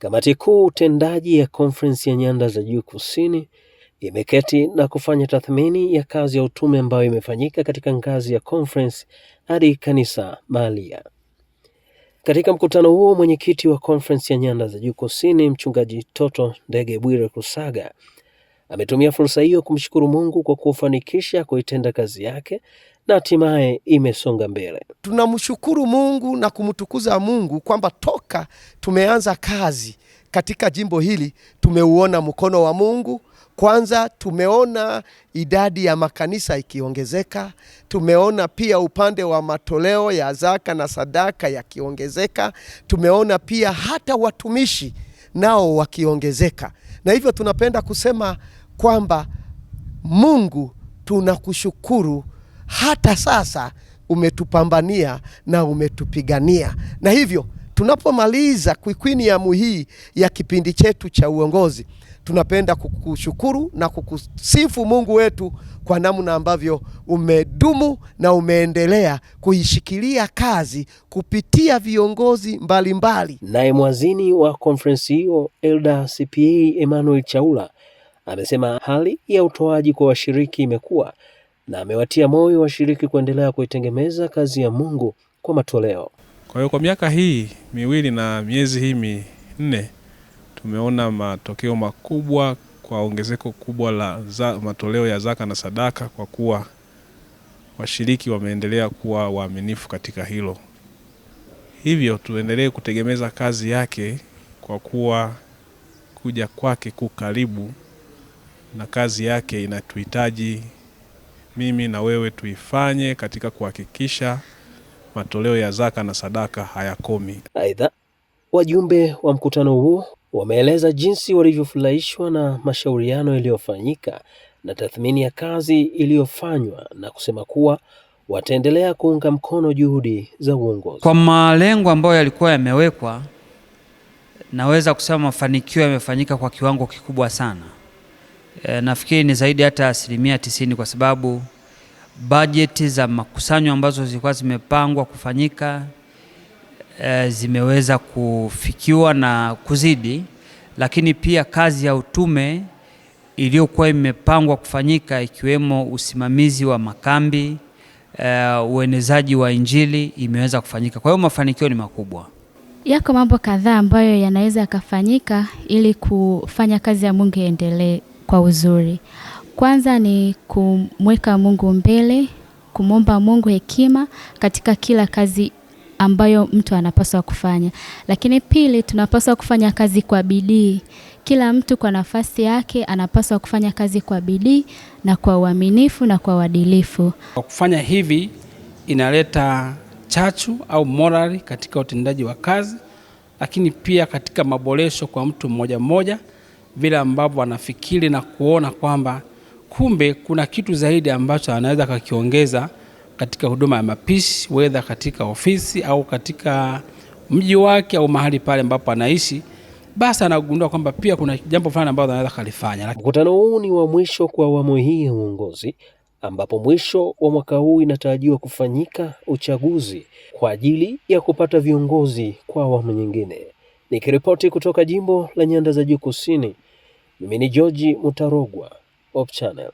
Kamati kuu tendaji ya Konferensi ya Nyanda za Juu Kusini imeketi na kufanya tathmini ya kazi ya utume ambayo imefanyika katika ngazi ya konferensi hadi kanisa mahalia. Katika mkutano huo, mwenyekiti wa Konferensi ya Nyanda za Juu Kusini, Mchungaji Toto Ndege Bwire Kusaga ametumia fursa hiyo kumshukuru Mungu kwa kufanikisha kuitenda kazi yake na hatimaye imesonga mbele. Tunamshukuru Mungu na kumtukuza Mungu kwamba toka tumeanza kazi katika jimbo hili tumeuona mkono wa Mungu. Kwanza tumeona idadi ya makanisa ikiongezeka, tumeona pia upande wa matoleo ya zaka na sadaka yakiongezeka, tumeona pia hata watumishi nao wakiongezeka, na hivyo tunapenda kusema kwamba Mungu tunakushukuru hata sasa umetupambania na umetupigania. Na hivyo tunapomaliza kwikwini ya muhii ya kipindi chetu cha uongozi, tunapenda kukushukuru na kukusifu Mungu wetu kwa namna ambavyo umedumu na umeendelea kuishikilia kazi kupitia viongozi mbalimbali. Naye mwazini wa konferensi hiyo Elda CPA Emmanuel Chaula amesema hali ya utoaji kwa washiriki imekuwa na amewatia moyo washiriki kuendelea kuitengemeza kazi ya Mungu kwa matoleo. Kwa hiyo kwa miaka hii miwili na miezi hii minne tumeona matokeo makubwa kwa ongezeko kubwa la za, matoleo ya zaka na sadaka kwa kuwa washiriki wameendelea kuwa waaminifu katika hilo. Hivyo tuendelee kutegemeza kazi yake kwa kuwa kuja kwake kukaribu na kazi yake inatuhitaji mimi na wewe tuifanye katika kuhakikisha matoleo ya zaka na sadaka hayakomi. Aidha, wajumbe wa mkutano huo wameeleza jinsi walivyofurahishwa na mashauriano yaliyofanyika na tathmini ya kazi iliyofanywa na kusema kuwa wataendelea kuunga mkono juhudi za uongozi kwa malengo ambayo yalikuwa yamewekwa. Naweza kusema mafanikio yamefanyika kwa kiwango kikubwa sana e, nafikiri ni zaidi hata asilimia tisini kwa sababu bajeti za makusanyo ambazo zilikuwa zimepangwa kufanyika e, zimeweza kufikiwa na kuzidi, lakini pia kazi ya utume iliyokuwa imepangwa kufanyika ikiwemo usimamizi wa makambi Uh, uenezaji wa Injili imeweza kufanyika. Kwa hiyo mafanikio ni makubwa. Yako mambo kadhaa ambayo yanaweza yakafanyika ili kufanya kazi ya Mungu iendelee kwa uzuri. Kwanza ni kumweka Mungu mbele, kumwomba Mungu hekima katika kila kazi ambayo mtu anapaswa kufanya. Lakini pili, tunapaswa kufanya kazi kwa bidii. Kila mtu kwa nafasi yake anapaswa kufanya kazi kwa bidii na kwa uaminifu na kwa uadilifu. Kwa kufanya hivi inaleta chachu au morali katika utendaji wa kazi, lakini pia katika maboresho kwa mtu mmoja mmoja vile ambavyo anafikiri na kuona kwamba kumbe kuna kitu zaidi ambacho anaweza akakiongeza katika huduma ya mapishi, wedha katika ofisi au katika mji wake au mahali pale ambapo anaishi, basi anagundua kwamba pia kuna jambo fulani ambalo anaweza kalifanya. Mkutano huu ni wa mwisho kwa awamu hii ya uongozi, ambapo mwisho wa mwaka huu inatarajiwa kufanyika uchaguzi kwa ajili ya kupata viongozi kwa awamu nyingine. Nikiripoti kutoka jimbo la Nyanda za Juu Kusini, mimi ni George Mutarogwa, Hope Channel.